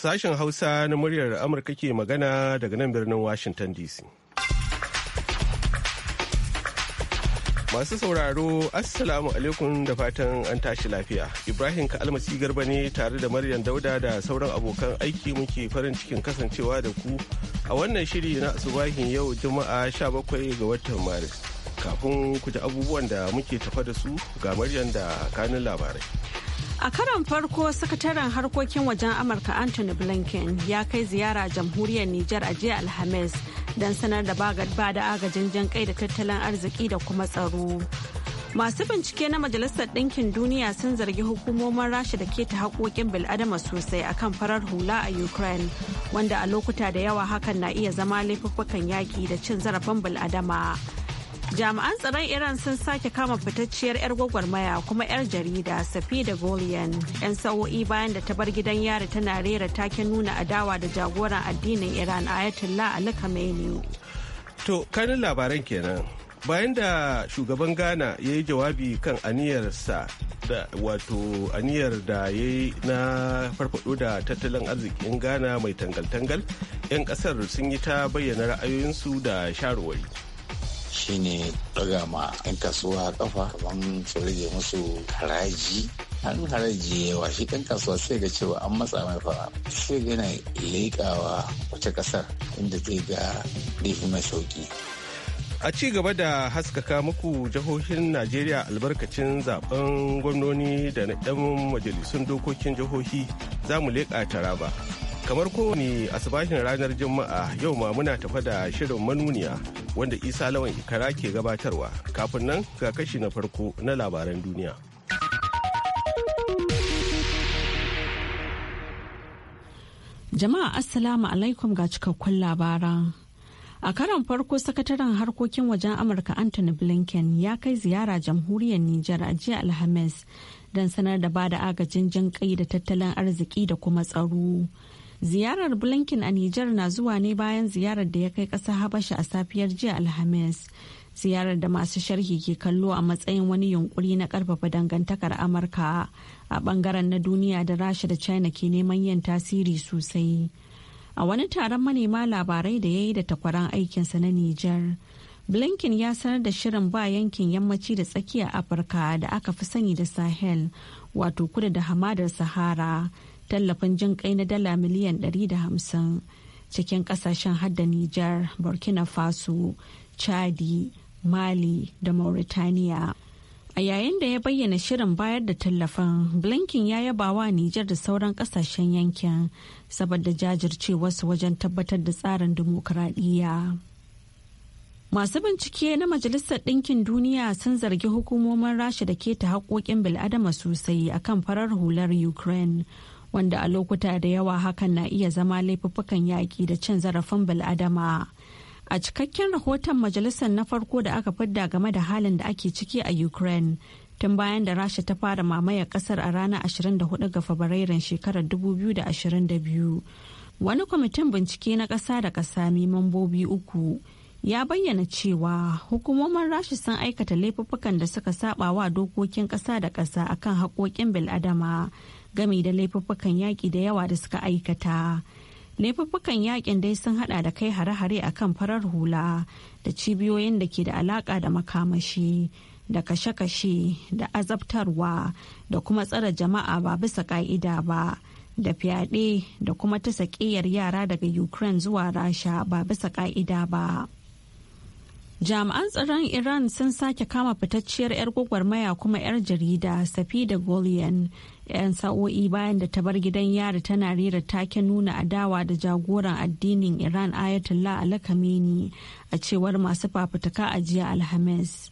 Sashen Hausa na muryar Amurka ke magana daga nan birnin Washington DC. Masu sauraro, Assalamu alaikum da fatan an tashi lafiya. Ibrahim Ka'almasi Garba ne tare da Maryam Dauda da sauran abokan aiki muke farin cikin kasancewa da ku a wannan shiri na asubahin yau Juma'a 17 ga watan Maris. Kafin ku ji abubuwan da muke tafa da su ga Maryam da kanun labarai. A karon farko sakataren harkokin wajen Amurka Anthony Blinken ya kai ziyara jamhuriyar Nijar a jiya Alhamis don sanar da ba da agajin jan kai da tattalin arziki da kuma tsaro. Masu bincike na Majalisar Ɗinkin Duniya sun zargi hukumomin Rasha da keta haƙoƙin bil'adama sosai a kan farar hula a Ukraine, wanda a lokuta da yawa hakan na iya zama laifuffukan yaƙi da cin zarafin bil'adama. jami'an tsaron iran sun sake kama fitacciyar 'yar gwagwarmaya kuma 'yar jarida safi da golian 'yan sa'o'i bayan da ta bar gidan yari tana rera taken nuna adawa da jagoran addinin iran a ali khamenei to kanin labaran kenan bayan da shugaban ghana ya yi jawabi kan aniyarsa da wato aniyar da ya yi na farfado da tattalin arzikin ghana mai tangal-tangal 'yan kasar sun yi ta bayyana ra'ayoyinsu da sharuwari shine ɗaga ma 'yan kasuwa kafa kamar su rage musu haraji an haraji yawa shi ɗan kasuwa sai ga cewa an matsa mai fara sai ga yana leƙawa wata ƙasar inda zai ga rihi mai sauki a ci gaba da haskaka muku jihohin najeriya albarkacin zaben gwamnoni da na 'yan majalisun dokokin jihohi za mu leƙa taraba kamar kowane asibahin ranar juma'a yau ma muna tafa da shirin manuniya wanda isa lawan ikara ke gabatarwa kafin nan ga kashi na farko na labaran duniya jama'a assalamu alaikum ga cikakkun labaran a karon farko sakataren harkokin wajen amurka anthony blinken ya kai ziyara jamhuriyar nijar a jiya alhamis don sanar da ba da agajin jin kai da tattalin arziki da kuma tsaro ziyarar blinken a nijar na zuwa ne bayan ziyarar da ya kai ƙasa habasha a safiyar jiya alhamis ziyarar da masu sharhi ke kallo a matsayin wani yunkuri na ƙarfafa dangantakar amurka a bangaren na duniya da rasha da china ke neman yin tasiri sosai a wani taron manema labarai da ya yi da takwaran aikinsa na nijar blinken ya sanar da shirin ba yankin yammaci da tsakiya afirka da aka fi sani da sahel wato kudu da hamadar sahara tallafin jin kai na dala miliyan 150 cikin kasashen hadda Nijar, Burkina Faso, Chadi, Mali da Mauritania. A yayin da ya bayyana shirin bayar da tallafin, Blinken ya yaba wa Nijar da sauran kasashen yankin saboda jajircewarsu wajen tabbatar da tsarin dimokuraɗiyya. Masu bincike na Majalisar Ɗinkin Duniya sun zargi hukumomin Rasha da keta haƙoƙin bil'adama sosai akan farar hular Ukraine wanda a lokuta da yawa hakan na iya zama laifuffukan yaƙi da cin zarafin bil'adama. A cikakken rahoton majalisar na farko da aka fidda game da halin da ake ciki a Ukraine tun bayan da Rasha ta fara mamayar kasar a ranar 24 ga Fabrairun shekarar 2022. Wani kwamitin bincike na ƙasa da ƙasa mai mambobi uku ya bayyana cewa hukumomin Rasha sun aikata laifuffukan da suka saba wa dokokin ƙasa da ƙasa akan haƙoƙin bil'adama. game da laifuffukan yaƙi da yawa da suka aikata. Laifuffukan yaƙin dai sun hada da kai hare-hare a kan farar hula da cibiyoyin da ke da alaƙa da makamashi da kashe-kashe da azabtarwa da kuma tsare jama'a ba bisa ka'ida ba. da fyaɗe da kuma ta yara daga ukraine zuwa rasha ba bisa ka'ida ba. jami'an tsaron iran sun sake kama fitacciyar 'yar gwagwarmaya kuma 'yar jarida safida golian 'yan sa'o'i bayan da ta bar gidan yari tana rera take nuna adawa da jagoran addinin iran ayatollah khamenei a cewar masu fafutuka a jiya alhamis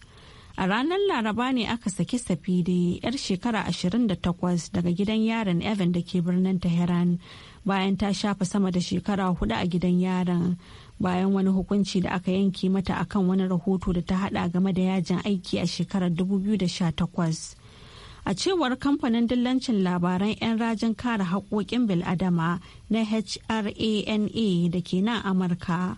A ranar Laraba ne aka saki Safide, 'yar shekara 28 daga gidan yaron Evan da ke birnin Tehran bayan ta shafa sama da shekara hudu a gidan yaron. Bayan wani hukunci da aka yanke mata akan wani rahoto da ta hada game da yajin aiki a shekarar 2018. A cewar kamfanin dillancin labaran 'yan rajin kare haƙoƙin bil'adama na HRANA da ke nan Amurka.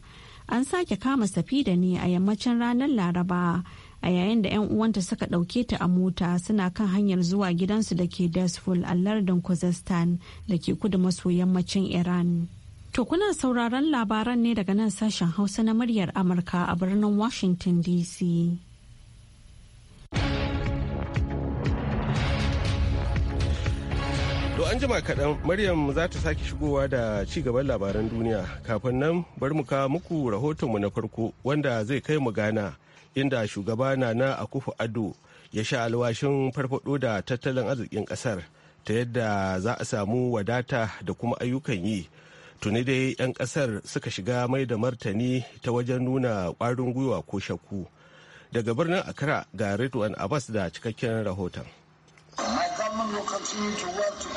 An sake kama Safida ne a yammacin ranar Laraba. a yayin da 'yan uwanta suka ɗauke ta a mota suna kan hanyar zuwa gidansu da ke Desful a lardin kuzestan da ke kudu maso yammacin Iran. To kuna sauraron labaran ne daga nan sashen Hausa na muryar Amurka a birnin Washington DC. To an jima kaɗan Maryam za ta sake shigowa da ci gaban labaran duniya kafin nan bar mu kawo muku rahotonmu na farko wanda zai kai mu gana. inda shugaba nana akufu ado ya sha alwashin farfado da tattalin arzikin kasar ta yadda za a samu wadata da kuma ayyukan yi tuni dai 'yan kasar suka shiga mai da martani ta wajen nuna kwarin gwiwa ko shakku daga birnin akra ga ridwan abbas da cikakken rahoton to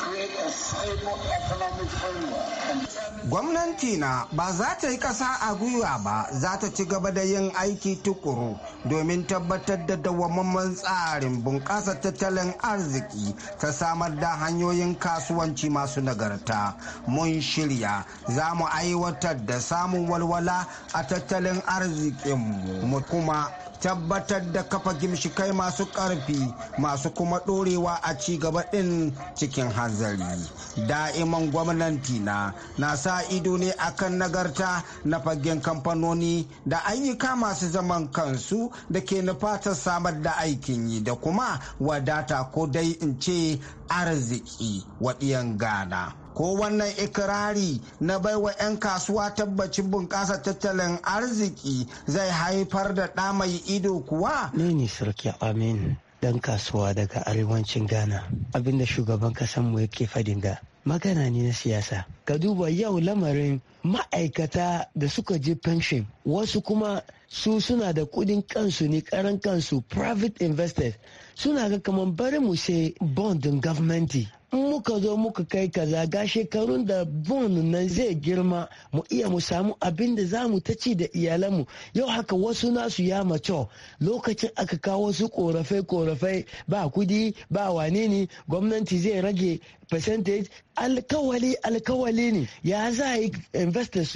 Gwamnati na ba za ta yi ƙasa a gwiwa ba za ta ci gaba da yin aiki tukuru domin tabbatar da dawamman tsarin bunƙasa tattalin arziki ta samar da hanyoyin kasuwanci masu nagarta. Mun shirya za mu aiwatar da samun walwala a tattalin arzikinmu kuma tabbatar da kafa gimshikai masu ƙarfi masu kuma ɗorewa a ci gaba ɗin cikin hanzari da'iman gwamnati na na sa ido ne akan nagarta na fagen kamfanoni da ayyuka masu zaman kansu da ke nufatar samar da aikin yi da kuma wadata ko dai in ce arziki waɗiyan gana ko wannan ikirari na baiwa 'yan kasuwa tabbacin bunƙasa tattalin arziki zai haifar da ɗa mai ido kuwa? Ne ne sarki amin dan kasuwa daga arewacin ghana abinda shugaban mu yake fadin da magana ne na siyasa ka duba yau lamarin ma'aikata da suka je pension wasu kuma su suna da kudin kansu ne karan kansu private investors suna ga kamar bari mu sai bondin gwamnati in muka zo muka kai kaza ga shekarun da bon nan zai girma mu iya mu samu abin da za mu ta ci da iyalanmu yau haka wasu nasu ya mace lokacin aka kawo wasu korafai-korafai ba kudi ba wane ne gwamnati zai rage percentage alkawali alkawali ne ya za a yi investors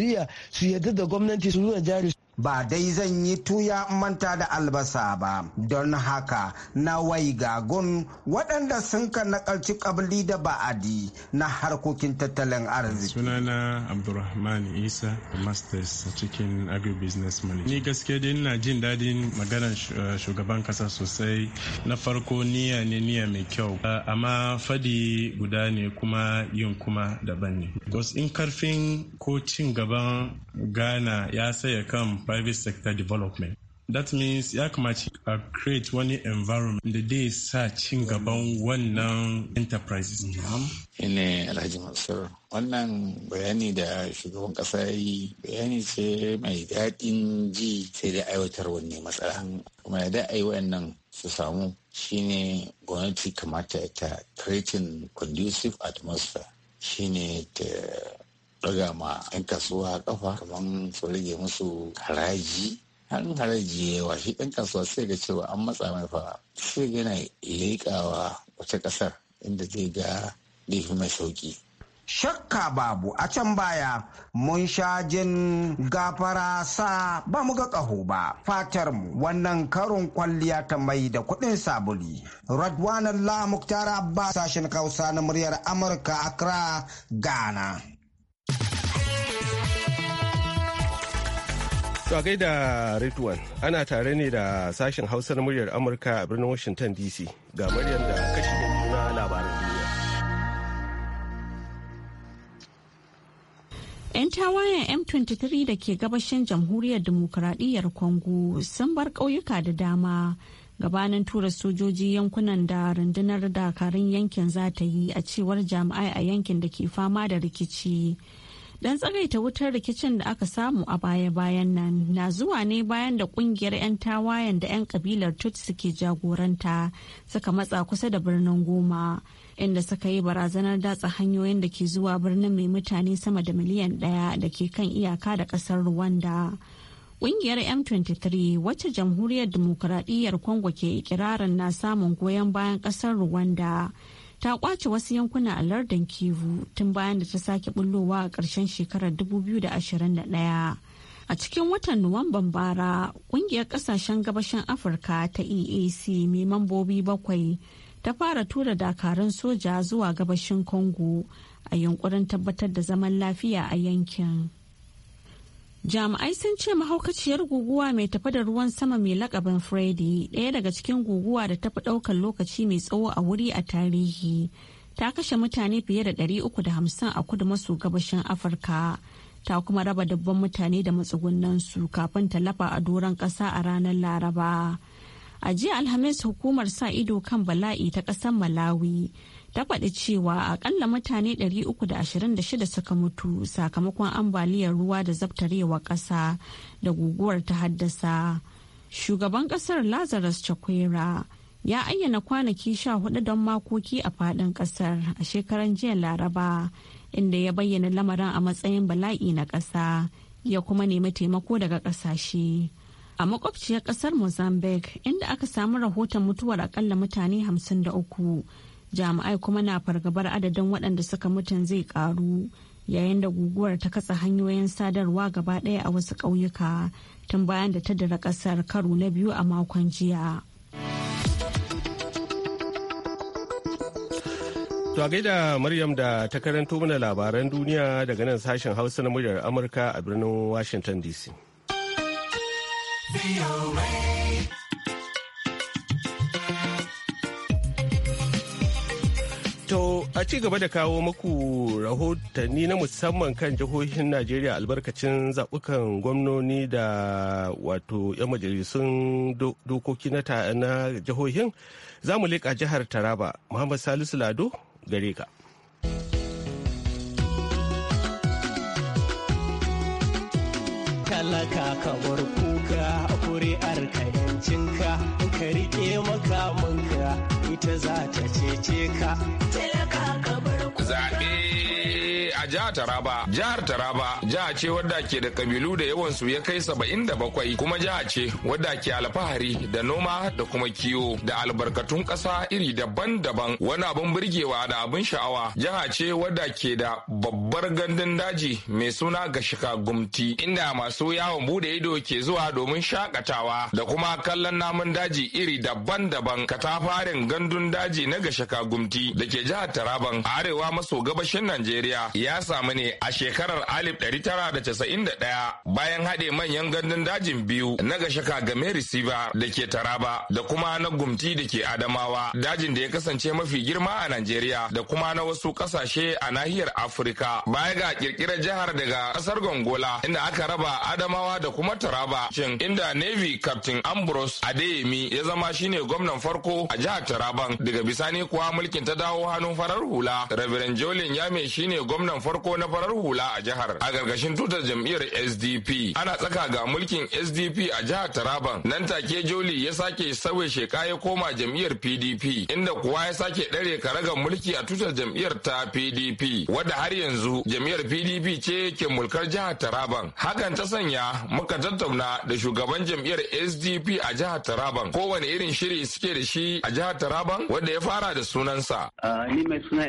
su yarda da gwamnati su nuna jari ba dai zan yi tuya manta da albasa ba don haka na wai gagun waɗanda sun ka nakalci kabli da ba'adi na harkokin tattalin arziki sunana abdulrahman isa da masters cikin agribusiness management ni gaske dai na jin daɗin maganar eh, shugaban kasa sosai na farko niyya ne niyya mai kyau eh, amma fadi guda ne kuma yin kuma daban ne in karfin ko cin gaban Ghana ya saya kan private sector development. That means ya kamaci a create wani environment da dai sa cin gaban wannan enterprises. Ine Alhaji Wannan bayani da shugaban kasa yi bayani ce mai daɗin ji sai da aiwatar wani matsala. Kuma da ai wayannan su samu shine gwamnati kamata ta creating conducive atmosphere shine ta ɗaga ma 'yan kasuwa kafa kamar su rage musu haraji hannun haraji yawa shi 'yan kasuwa sai ga cewa an matsa mai fara sai yana leƙawa wata ƙasar inda zai ga laifi mai sauƙi shakka babu a can baya mun sha jin gafara sa ba mu ga ƙaho ba fatar mu wannan karin kwalliya ta mai da kuɗin sabuli radwan allah muktar sashen kausa na muryar amurka a accra ghana To a gaida Ritwan ana tare ne da sashen Hausa muryar Amurka a birnin Washington DC ga muryar da kashi na labaran duniya. 'Yan tawayen M23 da ke gabashin jamhuriyar demokuraɗiyyar Congo sun bar ƙauyuka da dama gabanin tura sojoji yankunan da rundunar dakarun yankin za ta yi a cewar jami'ai a yankin da ke fama da rikici. Dan tsagaita wutar rikicin da aka samu a baya-bayan nan na zuwa ne bayan da kungiyar 'yan tawayen da 'yan kabilar Tutsi suke jagoranta suka matsa kusa da birnin Goma inda suka yi barazanar datsa hanyoyin da ke zuwa birnin mai mutane sama da miliyan ɗaya da ke kan iyaka da kasar Rwanda. Ƙungiyar M23 wacce jamhuriyar dimokuraɗiyyar Congo ke ikirarin na samun goyon bayan ƙasar Rwanda. ta kwace wasu yankuna a lardin kivu tun bayan da ta sake bullowa a ƙarshen shekarar 2021 a cikin watan nuwamban bara kungiyar kasashen gabashin afirka ta eac mai mambobi bakwai ta fara tura dakarun soja zuwa gabashin congo a yunkurin tabbatar da zaman lafiya a yankin jami'ai sun ce mahaukaciyar guguwa mai tafi da ruwan sama mai lakabin freddy ɗaya daga cikin guguwa da tafi ɗaukar lokaci mai tsawo a wuri a tarihi ta kashe mutane fiye da 350 a kudu maso gabashin afirka ta kuma raba dubban mutane da matsugunansu kafin ta lafa a doron ƙasa a ranar laraba a jiya alhamis hukumar sa ido kan bala'i ta ƙasar malawi ta faɗi cewa akalla mutane 326 suka mutu sakamakon ambaliyar ruwa da zabtarewa ƙasa da guguwar ta haddasa. Shugaban ƙasar Lazarus Chakwera ya ayyana kwanaki sha hudu don makoki a faɗin ƙasar a shekaran jiya Laraba inda ya bayyana lamarin a matsayin bala'i na ƙasa ya kuma nemi taimako daga ƙasashe. a makwabciyar ƙasar mozambique inda aka samu rahoton mutuwar akalla mutane 53 jami'ai kuma na fargabar adadin waɗanda suka mutun zai karu yayin da guguwar ta katsa hanyoyin sadarwa gaba ɗaya a wasu ƙauyuka tun bayan da ta dira ƙasar karo na biyu a makon jiya. To a gaida Maryam da ta karanto mana labaran duniya daga nan sashen Hausa na muryar Amurka a birnin Washington DC. a ci gaba da kawo maku rahotanni na musamman kan jihohin najeriya albarkacin zabukan gwamnoni da wato 'yan majalisun dokoki na jihohin za mu leƙa jihar taraba muhammad salisu lado gare ka talaka ka kuka kuri'ar ka ka rike makamanka ita za ta cece ka zaɓe a jihar Taraba. Jihar Taraba jiha ce wadda ke da kabilu da yawan su ya kai saba'in da bakwai kuma jiha ce wadda ke alfahari da noma da kuma kiwo da albarkatun ƙasa iri daban-daban wani abin burgewa da abin sha'awa jiha ce wadda ke da babbar gandun daji mai suna gashika gumti inda masu yawon bude ido ke zuwa domin shakatawa da kuma kallon namun daji iri daban-daban katafarin gandun daji na gashika gumti da ke jihar Taraban arewa maso gabashin Najeriya ya samu ne a shekarar 1991 bayan haɗe manyan gandun dajin biyu na Gashaka game Risiba da ke Taraba da kuma na Gumti da ke Adamawa dajin da ya kasance mafi girma a Najeriya da kuma na wasu ƙasashe a nahiyar Afirka baya ga kirkirar jihar daga ƙasar Gongola inda aka raba Adamawa da kuma Taraba cin inda Navy Captain Ambrose Adeyemi ya zama shine gwamnan farko a jihar Taraban daga bisani kuwa mulkin ta dawo hannun farar hula Reverend jolin Yame shine gwamnan farko na farar hula a jihar a gargashin tutar jam'iyyar SDP. Ana tsaka ga mulkin SDP a jihar Taraban. Nan take Joli ya sake sauye sheka ya koma jam'iyyar PDP inda kuwa ya sake dare karagar mulki a tutar jam'iyyar ta PDP wadda har yanzu jam'iyyar PDP ce ke mulkar jihar Taraban. Hakan ta sanya muka tattauna da shugaban jam'iyyar SDP a jihar Taraban. Kowane irin shiri suke da shi a jihar Taraban wanda ya fara da sunansa. Ah, ni mai suna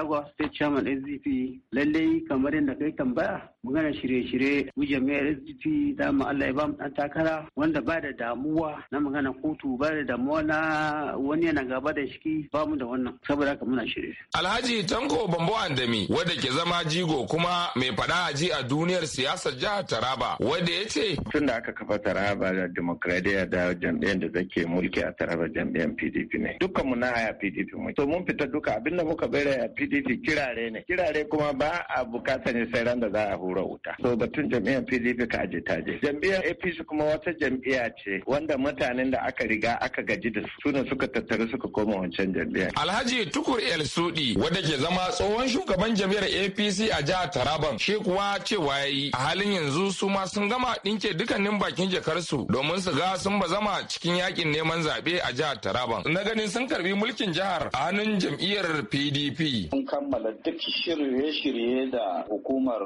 Shagwa State Chairman SDP lallai kamar yadda kai tambaya magana shirye-shirye mu jami'ar SDP da Allah ya ba dan takara wanda ba da damuwa na magana kotu ba da damuwa na wani yana gaba da shiki ba mu da wannan saboda haka muna shirye. Alhaji Tanko Bambo Andami wanda ke zama jigo kuma mai fada a ji a duniyar siyasar jihar Taraba wanda ya ce. Tun da aka kafa Taraba da demokradiyya da jam'iyyar da take mulki a Taraba jam'iyyar PDP ne. Dukkan mu na haya PDP mu. To mun fita duka abinda muka bayar a PDP kirare ne. Kirare kuma ba a bukatar ne sai ran da za a hura wuta so batun jam'iyyar pdp ka aje ta je jam'iyyar apc kuma wata jam'iyya ce wanda mutanen da aka riga aka gaji da su ne suka tattara suka koma wancan jam'iyyar alhaji tukur el sudi wanda ke zama tsohon shugaban jam'iyyar apc a jihar taraban shi kuwa cewa yayi a halin yanzu su ma sun gama dinke dukkanin bakin jakarsu domin su ga sun ba zama cikin yakin neman zaɓe a jihar taraban na ganin sun karbi mulkin jihar a hannun jam'iyyar pdp sun kammala duk shirye-shirye da hukumar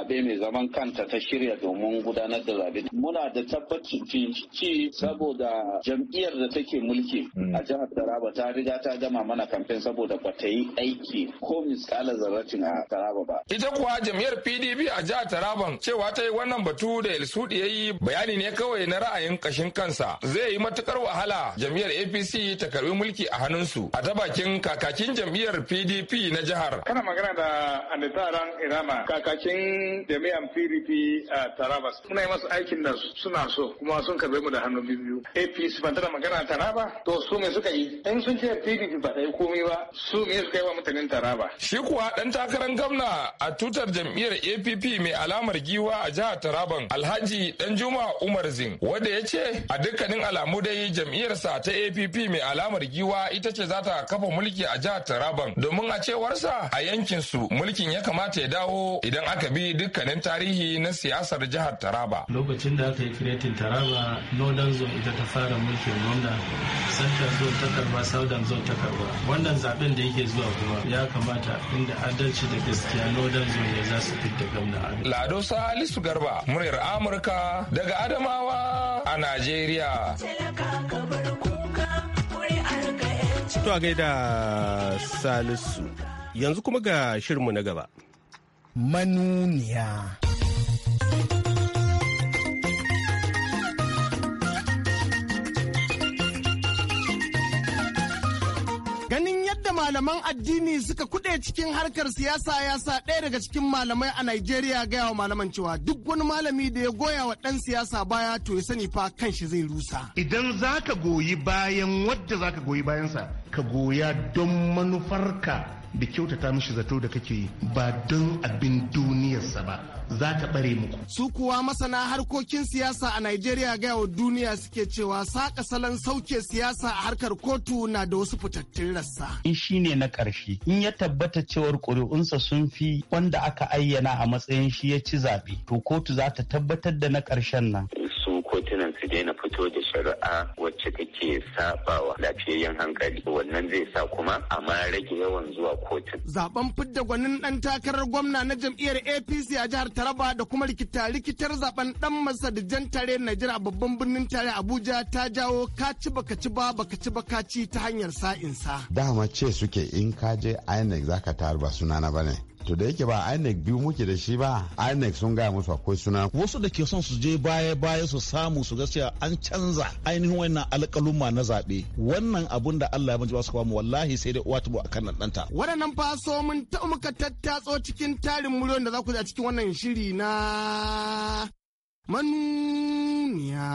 zaɓe mai zaman kanta ta shirya domin gudanar da zaɓe. Muna da tabbacin ci saboda jam'iyyar da take mulki hmm. a jihar Taraba ta riga ta gama mana kamfen saboda ba ta yi aiki ko misalar zarratin a Taraba ba. Ita kuwa jam'iyyar PDP a jihar Taraban cewa ta yi wannan batu da Elsudi ya yi bayani ne kawai na ra'ayin kashin kansa. Zai yi matukar wahala jam'iyyar APC ta karbi mulki a hannunsu a ta bakin kakakin jam'iyyar PDP na jihar. Kana magana da Ran Irama kakakin cikin jami'an PDP a Taraba. Muna yi masu aikin da suna so kuma sun karbe mu da hannu biyu. APC ban tana magana Taraba to su me suka yi? In sun ce PDP ba ta yi komai ba su me suka yi wa mutanen Taraba? Shi kuwa dan takarar gwamna a tutar jam'iyyar APP mai alamar giwa a jihar Taraban Alhaji Danjuma Umar Zin wanda ya ce a dukkanin alamu dai jam'iyyarsa ta APP mai alamar giwa ita ce za ta kafa mulki a jihar Taraban domin a cewarsa a yankin su mulkin ya kamata ya dawo idan aka bi dukkanin tarihi na siyasar jihar Taraba. Lokacin da aka yi kiretin Taraba, Northern Zone ita ta fara mulkin gwamna, Central Zone ta karba, Southern Zone ta karba. Wannan zaben da yake zuwa kuma ya kamata inda adalci da gaskiya Northern Zone ya za su fita gwamna. Lado Salisu Garba, muryar Amurka daga Adamawa a Najeriya. To a gaida Salisu, yanzu kuma ga shirinmu na gaba. manuniya. Ganin yadda malaman addini suka kuɗe cikin harkar siyasa ya sa ɗaya daga cikin malamai a Najeriya gaya wa malaman cewa duk wani malami da ya goya wa ɗan siyasa baya to ya sani fa kan shi zai rusa. Idan za ka goyi bayan wadda za ka goyi bayansa, ka goya don manufarka da kyautata mishi zato da kake yi ba don abin duniyarsa ba za ka bare muku. Su kuwa masana harkokin siyasa a Najeriya gaya wa duniya suke cewa saka salon sauke siyasa a harkar kotu na da wasu fitattun rassa. In shi ne na ƙarshe in ya tabbata cewar ƙuri'unsa sun fi wanda aka ayyana a matsayin shi ya ci zaɓe to kotu za ta tabbatar da na ƙarshen nan. sannan su daina fito da shari'a wacce take sabawa lafiyayyen hankali wannan zai sa kuma a ma rage yawan zuwa kotun. Zaben fidda gwanin dan takarar gwamna na jam'iyyar APC a jihar Taraba da kuma rikita-rikitar zaben dan jan tare Najeriya babban birnin tare Abuja ta jawo ka ci baka ci ba baka ci baka ci ta hanyar sa'insa. Dama ce suke in ka je INEC zaka tarba na bane. to da yake ba inec biyu muke da shi ba inec sun gaya musu akwai suna wasu da ke son su je baya baya su samu su gaskiya an canza ainihin wannan alƙaluma na zaɓe wannan abun da allah ya manji ba su kwamu wallahi sai dai uwa a kan ɗanta waɗannan faso mun ta muka tattatso cikin tarin miliyon da za ku a cikin wannan shiri na manuniya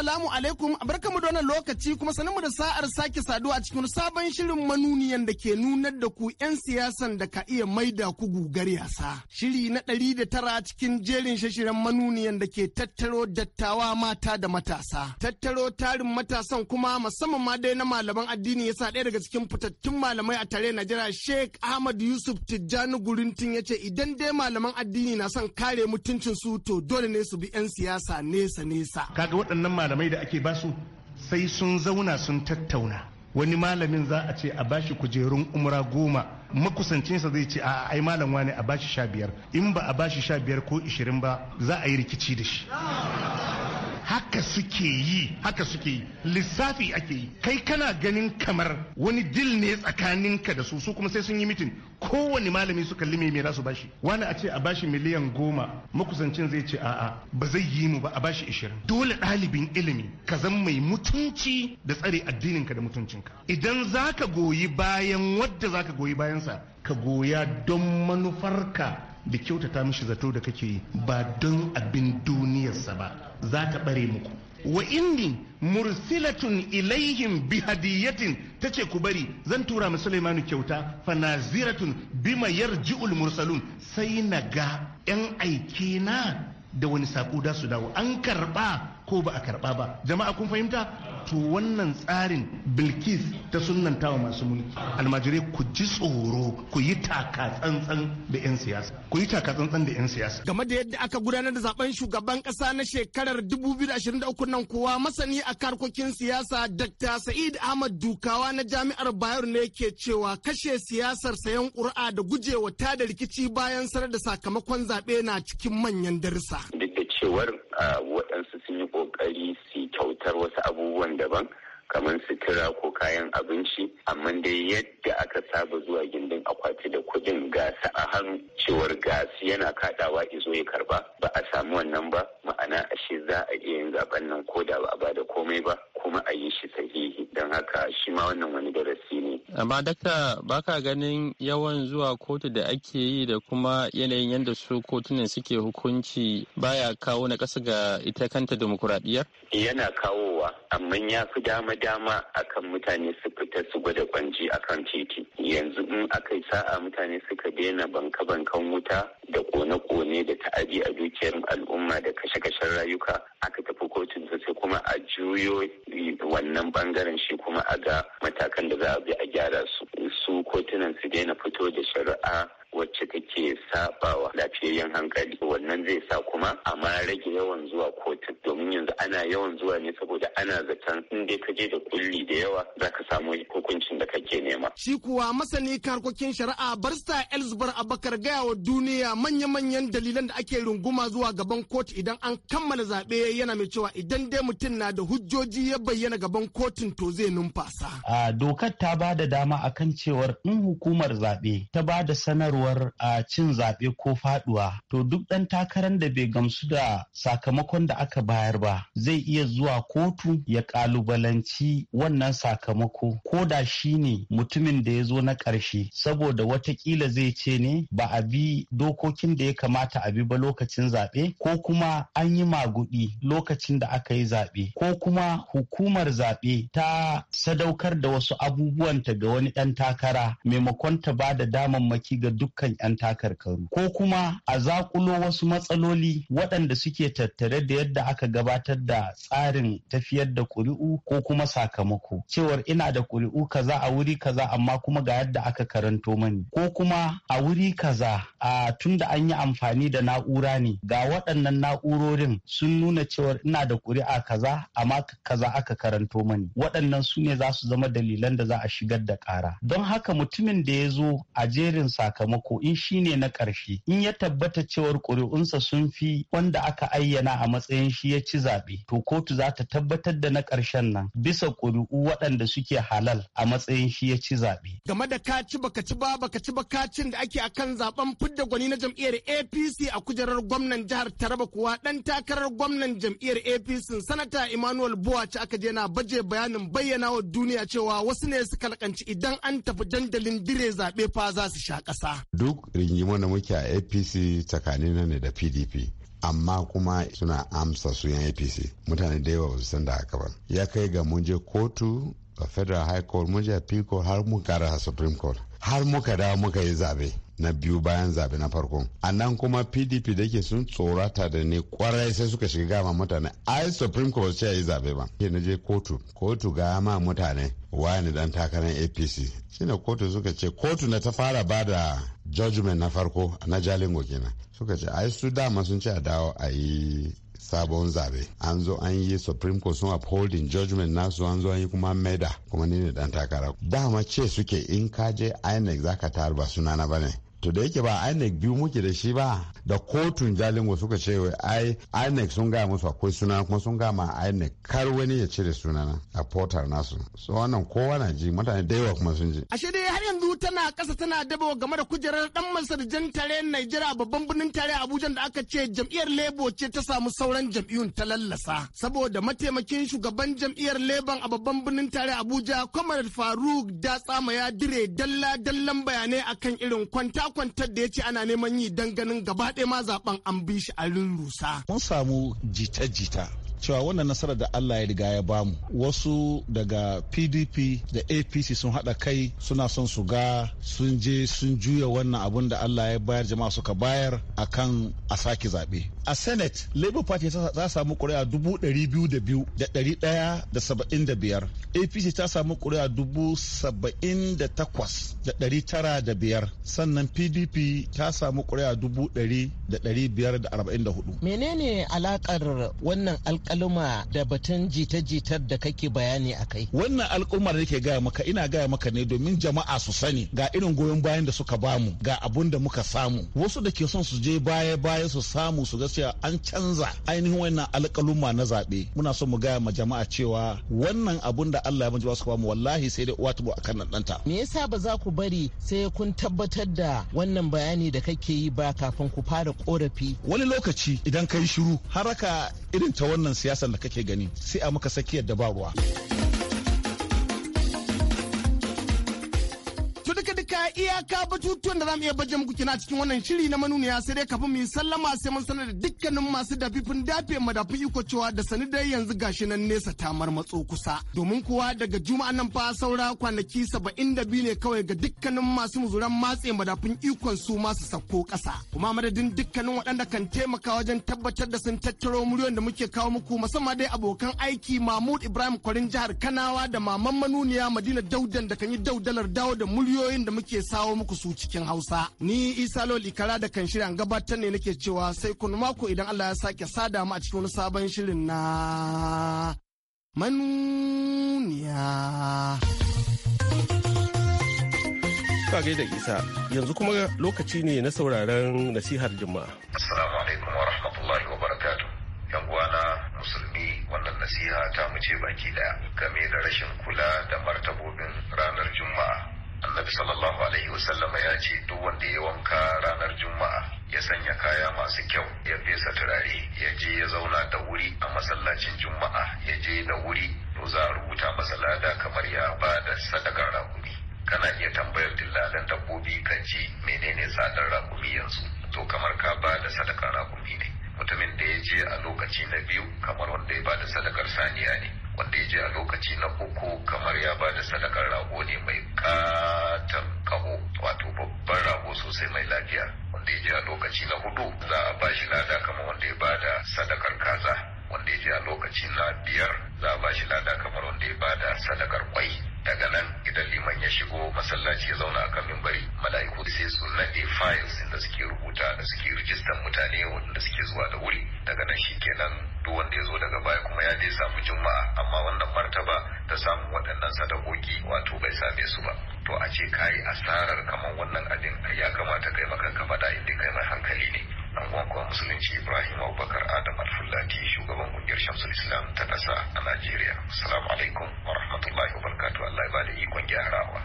Assalamu alaikum barkamu da wannan lokaci kuma sanarmu da sa'ar sake saduwa a cikin sabon shirin manuniyan da ke nunar da ku 'yan siyasan da ka iya maida ku gugar yasa. Shiri na ɗari da tara cikin jerin shashiren manuniyan da ke tattaro dattawa mata da matasa. Tattaro tarin matasan kuma musamman ma dai na malaman addini yasa ɗaya daga cikin fitattun malamai a tare Najeriya Sheikh Ahmad Yusuf Tijjani Gurintin ya ce idan dai malaman addini na son kare mutuncin su to dole ne su bi 'yan siyasa nesa nesa. Kaga waɗannan malamai da ake basu sai sun zauna sun tattauna wani malamin za a ce a bashi kujerun umra goma makusancinsa zai ce a ai malam wani a bashi sha biyar in ba a bashi sha biyar ko ishirin ba za a yi rikici da shi haka suke yi haka suke yi lissafi ake yi kai kana ganin kamar wani dil ne tsakaninka da su su kuma sai sun yi mitin kowane malami su kalli mai za su bashi wani a ce a bashi miliyan goma makusancin zai ce a'a ba zai yi mu ba a bashi ishirin dole ɗalibin ilimi ka zan mai mutunci da tsare addininka da mutuncinka idan za ka goyi bayan wadda za ka goyi bayansa ka goya don manufarka da kyautata mishi zato da kake yi ba don abin duniyarsa ba za ta bare muku wa inni mursilatun ilaihim bi hadiyatin tace ku bari zan tura mu Sulaimanu kyauta fa naziratun bima yarji'ul mursalun sai na ga yan aike na da wani sako da su dawo an karba ko ba a karba ba jama'a kun fahimta to wannan tsarin bilkis ta sunnanta wa masu mulki almajirai ku ji tsoro ku yi taka tsantsan da 'yan siyasa ku yi taka tsantsan da 'yan siyasa game da yadda aka gudanar da zaben shugaban kasa na shekarar 2023 nan kuwa masani a karkokin siyasa dr sa'id ahmad dukawa na jami'ar bayero ne ke cewa kashe siyasar sayan ƙuri'a da gujewa ta da rikici bayan sanar da sakamakon zaɓe na cikin manyan darussa. Duk da cewar ah, sun yi kokari su kyautar wasu abubuwan daban kamar sutura ko kayan abinci amma dai yadda aka saba zuwa gindin akwati da kudin gasa a hannu cewar gasu yana kadawa izo ya karba ba a samu wannan ba ma'ana ashe za a iya yin zaben nan ko da ba a bada komai ba kuma a yi shi sahihi don haka shi ma wannan wani darasi ne amma dakta baka ganin yawan zuwa kotu da ake yi da kuma yanayin yadda su kotunan suke hukunci baya kawo na ƙasa ga ita kanta demokuraɗiyyar? yana kawowa amma ya fi dama-dama akan mutane su fita su gwada kwanci akan titi yanzu in aka sa'a mutane suka daina banka-bankan wuta da kone-kone da ta'adi a dukiyar al'umma da kashe-kashen rayuka aka tafi kotun sosai kuma a juyo wannan bangaren shi kuma a ga matakan da za a bi a gyara su su kotunan su daina fito da shari'a wacce take sabawa lafiyayyen hankali wannan zai sa kuma Amma rage yawan zuwa kotun domin yanzu ana yawan zuwa ne saboda ana zaton in dai ka je da kulli da yawa za ka samu hukuncin da kake nema. Shi kuwa masani karkokin shari'a barista Elsbar Abakar gaya wa duniya manya-manyan dalilan da ake runguma zuwa gaban kotu idan an kammala zaɓe yana mai cewa idan dai mutum na da hujjoji ya bayyana gaban kotun to zai numfasa. A dokar ta ba da dama akan cewar in hukumar zaɓe ta ba da sanarwar cewar a cin zaɓe ko faɗuwa to duk ɗan takarar da bai gamsu da sakamakon da aka bayar ba zai iya zuwa kotu ya ƙalubalanci wannan sakamako ko da shi ne mutumin da ya zo na ƙarshe saboda watakila zai ce ne ba a bi dokokin da ya kamata a bi ba lokacin zaɓe ko kuma an yi maguɗi lokacin da aka yi zaɓe ko kuma hukumar zaɓe ta sadaukar da wasu abubuwanta ga wani ɗan takara maimakon ta ba da damammaki ga duk kan 'yan takarkaru ko kuma a zakulo wasu matsaloli waɗanda suke tattare da yadda aka gabatar da tsarin tafiyar da ƙuri'u ko kuma sakamako cewar ina da ƙuri'u kaza a wuri kaza amma kuma ga yadda aka karanto mani ko kuma a wuri kaza a tunda an yi amfani da na'ura ne ga waɗannan na'urorin sun nuna cewar ina da ƙuri'a kaza amma kaza aka karanto mani waɗannan su ne za su zama dalilan da za a shigar da ƙara don haka mutumin da ya zo a jerin sakamako farko in shi ne na ƙarshe in ya tabbata cewar ƙuri'unsa sun fi wanda aka ayyana a matsayin shi ya ci zaɓe to kotu za ta tabbatar da na ƙarshen nan bisa ƙuri'u waɗanda suke halal a matsayin shi ya ci zaɓe. Game da kaci baka ci ba baka ci ba da ake a kan zaɓen fidda gwani na jam'iyyar APC a kujerar gwamnan jihar Taraba kuwa ɗan takarar gwamnan jam'iyyar APC sanata Emmanuel Buwaci aka je na baje bayanin bayyana wa duniya cewa wasu ne suka lakanci idan an tafi dandalin dire zaɓe fa za su sha ƙasa. duk rigima da muke a apc tsakanin ne da pdp amma kuma suna amsa suyan apc mutane da yawa su san da haka ba ya kai ga mun kotu a federal high court mun je har mun kara supreme court har muka dawo muka yi zabe na biyu bayan zabe na farko a nan kuma pdp da ke sun tsorata da ne kwarai sai suka shiga gama mutane ai supreme court ce yi zabe ba ke na je kotu kotu ga ma mutane wani dan takarar apc shine kotu suka ce kotu na ta fara ba da judgment na farko na jalingo kenan suka ce ai su dama sun ce a dawo a yi sabon zabe an zo an yi supreme court sun upholding judgment nasu an zo an yi kuma maida kuma ni ne dan takara dama ce suke in ka je inec zaka ba sunana bane to da yake ba inec biyu muke da shi ba da kotun jalingo suka ce ai inec sun gaya musu akwai suna kuma sun gaya ma inec kar wani ya cire sunana a portal nasu so wannan kowa na ji mutane da yawa kuma sun ji ashe dai har yanzu tana kasa tana dabo game da kujerar dan masar jan tare Najeriya babban birnin tare Abuja da aka ce jam'iyyar lebo ce ta samu sauran jam'iyyun ta lallasa saboda mataimakin shugaban jam'iyyar Labour a babban birnin tare Abuja Comrade Faruk da tsama ya dire dalla dallan bayanai akan irin kwanta kwantar da ya ce ana neman yi ganin gaba ɗaya ma zaben an bi shi a rusa. Mun samu jita-jita cewa wannan nasarar da Allah ya riga ya bamu wasu daga PDP da APC sun hada kai suna son su ga sun je sun juya wannan abun da Allah ya bayar jama'a suka bayar akan a sake zaɓe. A Senate Labour Party ta samu ƙuri'a dubu biyu da biyu da da saba'in da biyar. APC ta samu ƙuri'a dubu saba'in da takwas da tara da biyar. Sannan PDP ta samu ƙuri'a dubu da ɗari biyar da da hudu. Menene alaƙar wannan alƙa alkaluma da batun jita-jitar da kake bayani a kai wannan al'ummar da ke gaya maka ina gaya maka ne domin jama'a su sani ga irin goyon bayan da suka bamu ga abun da muka samu wasu da ke son su je baya baya su samu su ga an canza ainihin wannan alkaluma na zaɓe muna so mu gaya ma jama'a cewa wannan abun da Allah ya manjiba su bamu wallahi sai dai uwa a akan nan ɗanta me yasa ba za ku bari sai kun tabbatar da wannan bayani da kake yi ba kafin ku fara korafi wani lokaci idan kai shiru haraka irin ta wannan siyasar da kake gani sai a maka sakiyar da ba ruwa. iya iyaka batutuwan da zamu iya baje muku kina cikin wannan shiri na manuniya sai dai kafin mu yi sallama sai mun sanar da dukkanin masu dafifin dafe madafin iko cewa da sani dai yanzu gashi nan nesa ta marmatso kusa domin kuwa daga juma'a nan fa saura kwanaki 72 ne kawai ga dukkanin masu muzuran matse madafin ikon su masu sauko kasa kuma madadin dukkanin waɗanda kan taimaka wajen tabbatar da sun tattaro muryoyin da muke kawo muku musamman dai abokan aiki Mahmud Ibrahim Kwarin jihar Kanawa da maman manuniya Madina Daudan da kan yi daudalar dawo da muryoyin da muke nake sawo muku su cikin Hausa. Ni Isa Loli kara da kan shirin gabatar ne nake cewa sai kun mako idan Allah ya sake sada mu a cikin wani sabon shirin na manuniya. Ka gaida Isa, yanzu kuma lokaci ne na sauraron nasihar Juma'a. Assalamu alaikum wa rahmatullahi wa Yan uwana musulmi wannan nasiha ta mu ce baki daya game da rashin kula da martabobin ranar Juma'a. annabi sallallahu alaihi wasallama ya ce duk wanda ya wanka ranar juma'a ya sanya kaya masu kyau ya fesa turare ya je ya zauna da wuri a masallacin juma'a ya je da wuri to za a rubuta masa lada kamar ya ba da sadakar rakumi kana iya tambayar dillalan dabbobi ka ji menene tsadar rakumi yanzu to kamar ka ba da sadakar rakumi ne mutumin da ya je a lokaci na biyu kamar wanda ya bada sadakar saniya ne wanda ya je a lokaci na uku kamar ya bada sadakar rago ne mai katon kaho wato babban rago sosai mai lafiya wanda ya je a lokaci na hudu za a ba shi lada kamar wanda ya bada sadakar kaza wanda ya je a lokaci na biyar za a ba shi lada kamar wanda ya bada sadakar kwai daga nan idan liman ya shigo masallaci ya zauna a akan mimbari mala'iku sai su nade files da suke rubuta da suke rijistan mutane wanda suke zuwa da wuri daga nan shikenan duk wanda ya zo daga baya kuma ya dai samu juma'a amma wannan martaba ta samu waɗannan sadakoki wato bai same su ba to a ce kayi asarar kamar wannan abin ya kamata kai maka ka faɗa inda kai mai hankali ne dan uwan musulunci Ibrahim Abubakar Adam Alfullati shugaban kungiyar Shamsul Islam ta ƙasa a Najeriya assalamu alaikum wa rahmatullahi wa barakatuh Allah ya bada ikon gyarawa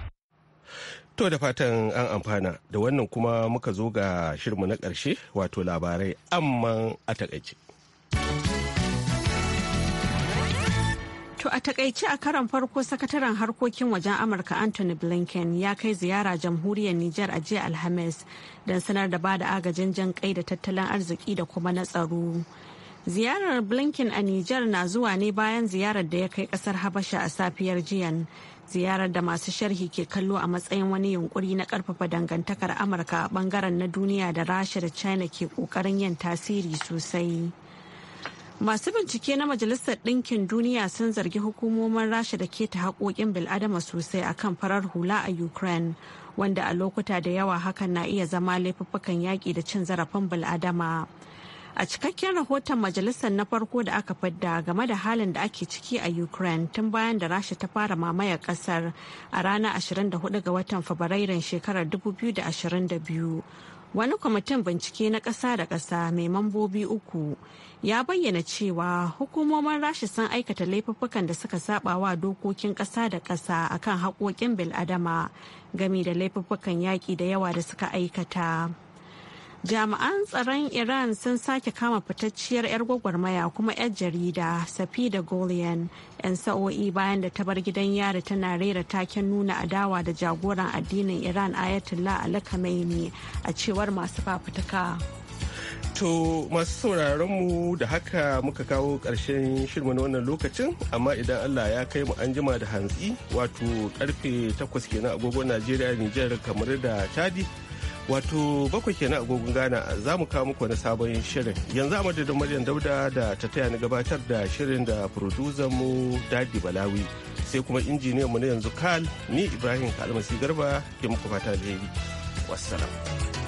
To da fatan an amfana da wannan kuma muka zo ga shirmu na ƙarshe wato labarai amma a takaice. To a takaice a karan farko sakataren harkokin wajen Amurka Anthony Blinken ya kai ziyara jamhuriyar Nijar a jiya Alhamis don sanar da bada agajin jan kai da tattalin arziki da kuma na tsaro. Ziyarar Blinken a Nijar na zuwa ne bayan ziyarar da ya kai kasar Habasha a safiyar jiyan. Ziyarar da masu sharhi ke kallo a matsayin wani yunkuri na karfafa dangantakar Amurka a bangaren na duniya da Rasha da China ke kokarin yin tasiri sosai. Masu bincike na Majalisar Ɗinkin Duniya sun zargi hukumomin Rasha da keta haƙoƙin bil'adama sosai akan farar hula a Ukraine, wanda a lokuta da yawa hakan na iya zama laifuffukan yaƙi da cin zarafin bil'adama. A cikakken rahoton majalisar na farko da aka fadda game da halin da ake ciki a Ukraine tun bayan da Rasha ta fara mamayar kasar a ranar 24 ga watan Fabrairun shekarar 2022. Wani kwamitin bincike na ƙasa da ƙasa mai mambobi uku ya bayyana cewa hukumomin rasha sun aikata laifuffukan da suka saba wa dokokin ƙasa da ƙasa akan haƙoƙin bil'adama game da laifuffukan yaƙi da yawa da suka aikata. jami'an tsaron iran sun sake kama fitacciyar 'yar gwagwarmaya kuma 'yar jarida safida golian 'yan sa'o'i bayan da ta bar gidan yari tana rera taken nuna adawa da jagoran addinin iran ayatollah ali khamenei a cewar masu fafutuka To masu sauraron mu da haka muka kawo ƙarshen na wannan lokacin amma idan Allah ya kai mu an jima da hantsi wato karfe 8 kenan agogon Najeriya Nijar kamar da Chadi wato bakwai kenan agogon ghana za mu kawo muku wani sabon shirin yanzu a madadin maryam dauda da ta taya ni gabatar da shirin da producer mu dadi balawi sai kuma injiniyan mu na yanzu kal ni ibrahim kalmasi garba ke muku fata alheri wassalam